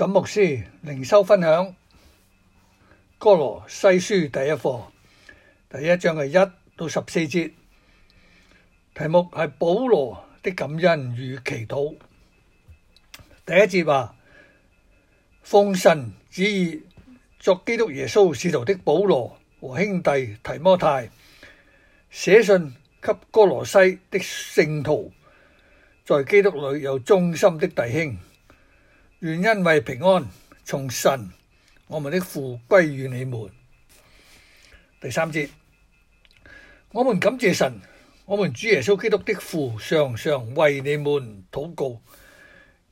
沈牧師靈修分享《歌羅西書》第一課，第一章係一到十四節，題目係保羅的感恩與祈禱。第一節話：奉神旨意作基督耶穌使徒的保羅和兄弟提摩太，寫信給歌羅西的聖徒，在基督裏有忠心的弟兄。願因為平安，從神我們的父歸於你們。第三節，我們感謝神，我們主耶穌基督的父常常為你們禱告，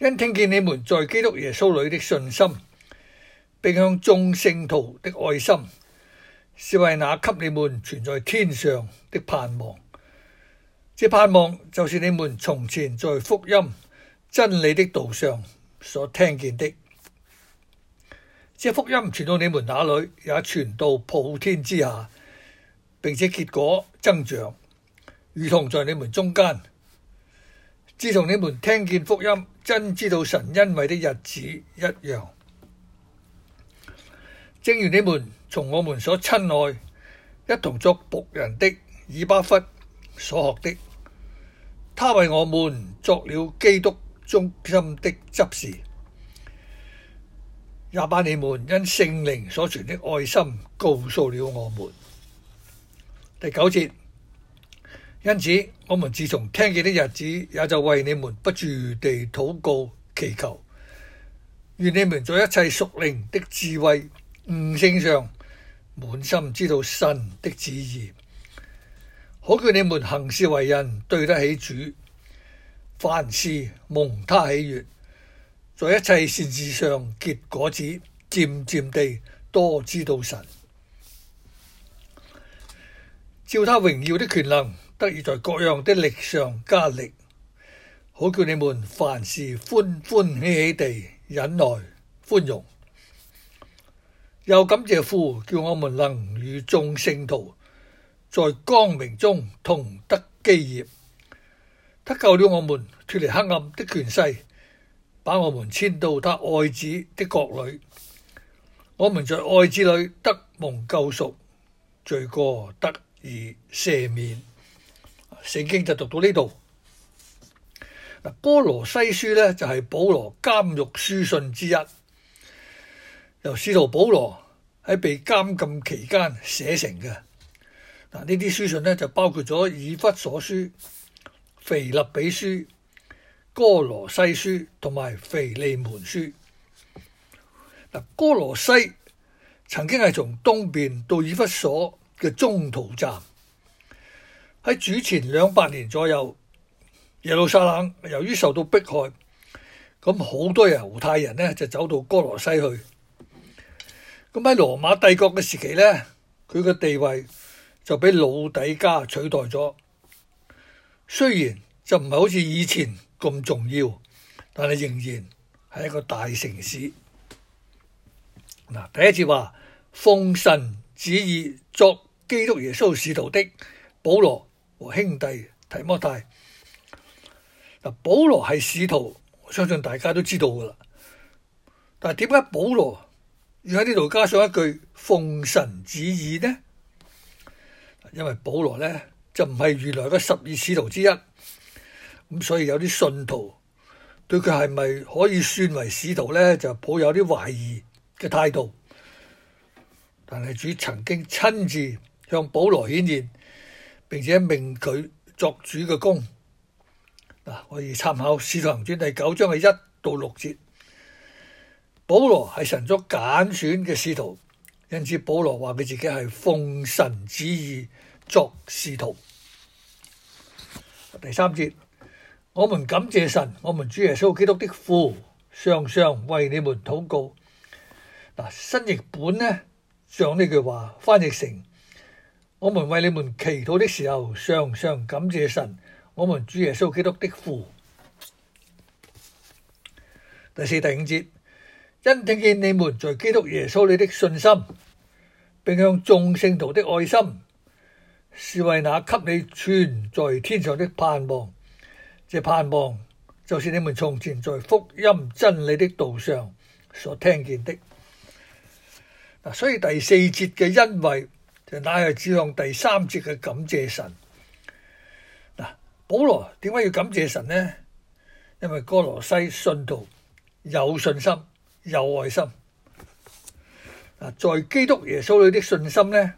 因聽見你們在基督耶穌裏的信心，並向眾聖徒的愛心，是為那給你們存在天上的盼望。這盼望就是你們從前在福音真理的道上，所聽見的，這福音傳到你們那裏，也傳到普天之下，並且結果增長，如同在你們中間，自從你們聽見福音，真知道神恩惠的日子一樣。正如你們從我們所親愛、一同作僕人的以巴弗所學的，他為我們作了基督中心的執事，也把你們因聖靈所存的愛心，告訴了我們。第九節，因此，我們自從聽見的日子，也就為你們不住地禱告祈求，願你們在一切屬靈的智慧悟性上，滿心知道神的旨意，可叫你們行事為人對得起主。凡事蒙他喜悅，在一切善事上結果子，漸漸地多知道神，照他榮耀的權能，得以在各樣的力上加力，好叫你們凡事歡歡喜喜地忍耐寬容，又感謝父，叫我們能與眾聖徒在光明中同得基業。他救了我們，脫離黑暗的權勢，把我們遷到他愛子的國裏。我們在愛子裏得蒙救贖，罪過得而赦免。聖經就讀到呢度。嗱，《歌羅西書》咧就係保羅監獄書信之一，由使徒保羅喺被監禁期間寫成嘅。嗱，呢啲書信咧就包括咗以弗所書。腓立比書、哥羅西書同埋腓利門書。嗱，哥羅西曾經係從東邊到以弗所嘅中途站，喺主前兩百年左右，耶路撒冷由於受到迫害，咁好多人猶太人呢就走到哥羅西去。咁喺羅馬帝國嘅時期呢，佢嘅地位就俾老底加取代咗。雖然就唔係好似以前咁重要，但係仍然係一個大城市。嗱，第一節話奉神旨意作基督耶穌使徒的保羅和兄弟提摩太。嗱，保羅係使徒，我相信大家都知道㗎喇。但係點解保羅要喺呢度加上一句奉神旨意呢？因為保羅咧。就唔係原來嘅十二使徒之一，咁所以有啲信徒對佢係咪可以算為使徒咧，就抱有啲懷疑嘅態度。但係主曾經親自向保羅顯現，並且命佢作主嘅工。嗱，可以參考《使徒行傳》第九章嘅一到六節。保羅係神所揀選嘅使徒，因此保羅話佢自己係奉神旨意。作仕途，第三節，我們感謝神，我們主耶穌基督的父常常為你們禱告。嗱，新譯本呢，將呢句話翻譯成：我們為你們祈禱的時候，常常感謝神，我們主耶穌基督的父。第四、第五節，因聽見你們在基督耶穌裏的信心，並向眾聖徒的愛心。是為那給你存在天上的盼望，這盼望就是你們從前在福音真理的道上所聽見的。所以第四節嘅因為就乃係指向第三節嘅感謝神。嗱，保羅點解要感謝神呢？因為哥羅西信徒有信心、有愛心。嗱，在基督耶穌裏的信心呢，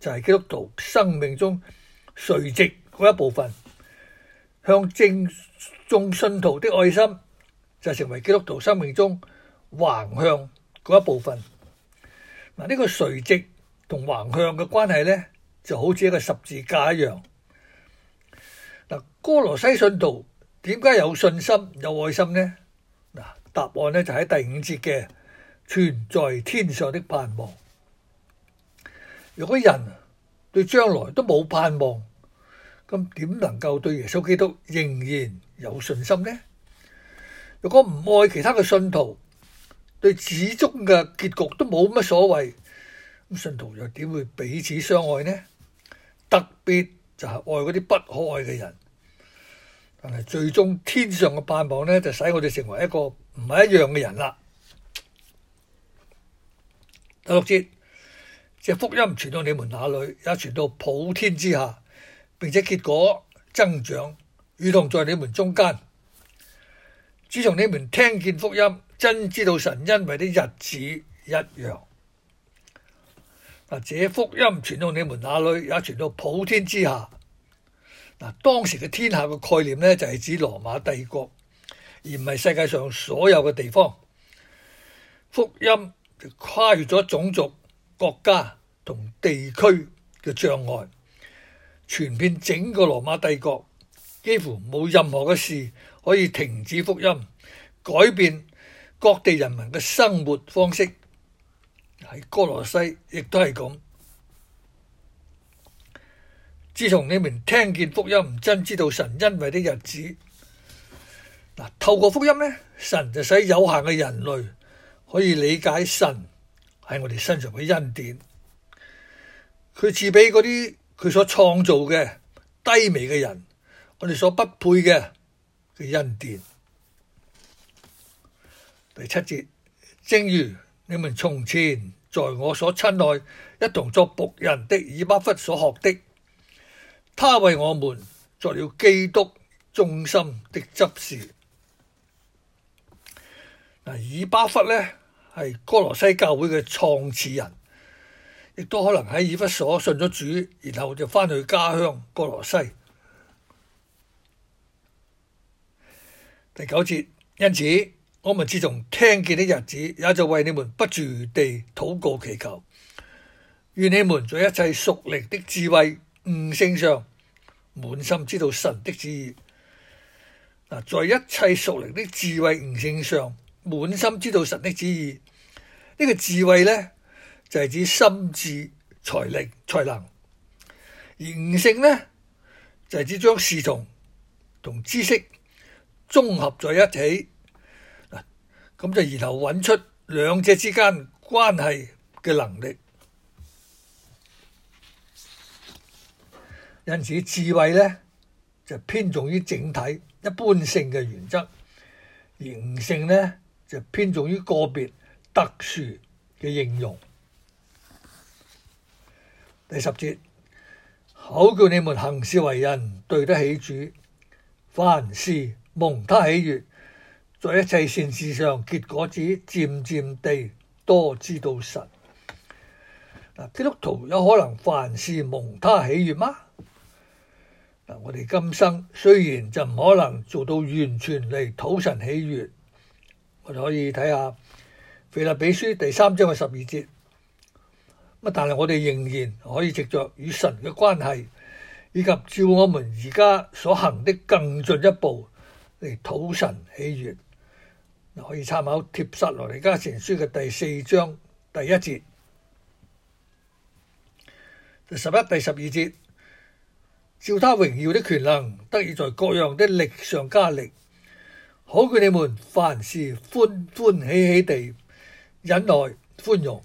就係基督徒生命中垂直嗰一部分，向正眾信徒的愛心就成為基督徒生命中橫向嗰一部分。嗱，呢個垂直同橫向嘅關係呢，就好似一個十字架一樣。嗱，哥羅西信徒點解有信心有愛心呢？嗱，答案呢就喺第五節嘅存在天上的盼望。如果人對將來都冇盼望，咁點能夠對耶穌基督仍然有信心呢？如果唔愛其他嘅信徒，對始終嘅結局都冇乜所謂，咁信徒又點會彼此相愛呢？特別就係愛嗰啲不可愛嘅人，但係最終天上嘅盼望呢，就使我哋成為一個唔係一樣嘅人啦。第六節。嘅福音傳到你們那裏，也傳到普天之下，並且結果增長，如同在你們中間。自從你們聽見福音，真知道神恩惠的日子一樣。嗱，這福音傳到你們那裏，也傳到普天之下。嗱，當時嘅天下嘅概念呢，就係指羅馬帝國，而唔係世界上所有嘅地方。福音跨越咗種族、國家，同地區嘅障礙，傳遍整個羅馬帝國，幾乎冇任何嘅事可以停止福音改變各地人民嘅生活方式。喺哥羅西亦都係咁。自從你們聽見福音，真知道神恩惠的日子，嗱，透過福音咧，神就使有限嘅人類可以理解神喺我哋身上嘅恩典。佢賜俾嗰啲佢所創造嘅低微嘅人，我哋所不配嘅恩典。第七節，正如你們從前在我所親愛一同作僕人的以巴弗所學的，他為我們作了基督忠心的執事。嗱、呃，以巴弗呢係歌羅西教會嘅創始人。亦都可能喺以弗所信咗主，然後就翻去家鄉歌羅西。第九節，因此我們自從聽見的日子，也就為你們不住地禱告祈求，願你們在一切屬靈的智慧悟性上，滿心知道神的旨意，啊。在一切屬靈的智慧悟性上，滿心知道神的旨意。呢個智慧呢？就係指心智、財力、才能，形性呢，就係指將事從同知識綜合在一起，嗱咁就然後揾出兩者之間關係嘅能力。因此，智慧呢，就偏重於整體一般性嘅原則，形性呢，就偏重於個別特殊嘅應用。第十節，好叫你們行事為人對得起主，凡事蒙他喜悅，在一切善事上，結果子漸漸地多知道神。基督徒有可能凡事蒙他喜悅嗎？我哋今生雖然就唔可能做到完全嚟討神喜悅，我哋可以睇下腓立比書第三章嘅十二節。但係我哋仍然可以藉着與神嘅關係，以及照我們而家所行的更進一步嚟討神喜悅。可以參考帖撒羅尼迦前書嘅第四章第一節、第十一、第十二節。照他榮耀的權能，得以在各樣的力上加力，好叫你們凡事歡歡喜喜地忍耐寬容。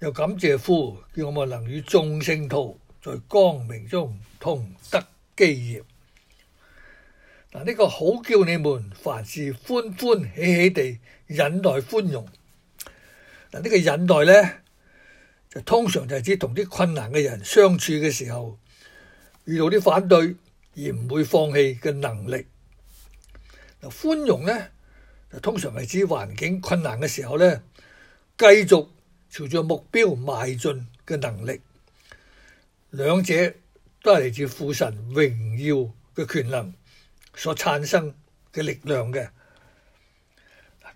又感謝父，叫我們能與眾聖徒在光明中同得基業。嗱，呢個好叫你們凡事歡歡喜喜地忍耐寬容。嗱，呢個忍耐呢，就通常就係指同啲困難嘅人相處嘅時候遇到啲反對而唔會放棄嘅能力。嗱，寬容呢，就通常係指環境困難嘅時候呢，繼續。朝着目標邁進嘅能力，兩者都係嚟自父神榮耀嘅權能所產生嘅力量嘅。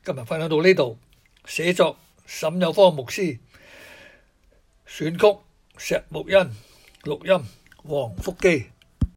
今日分享到呢度，寫作沈有方牧師，選曲石木恩，錄音黃福基。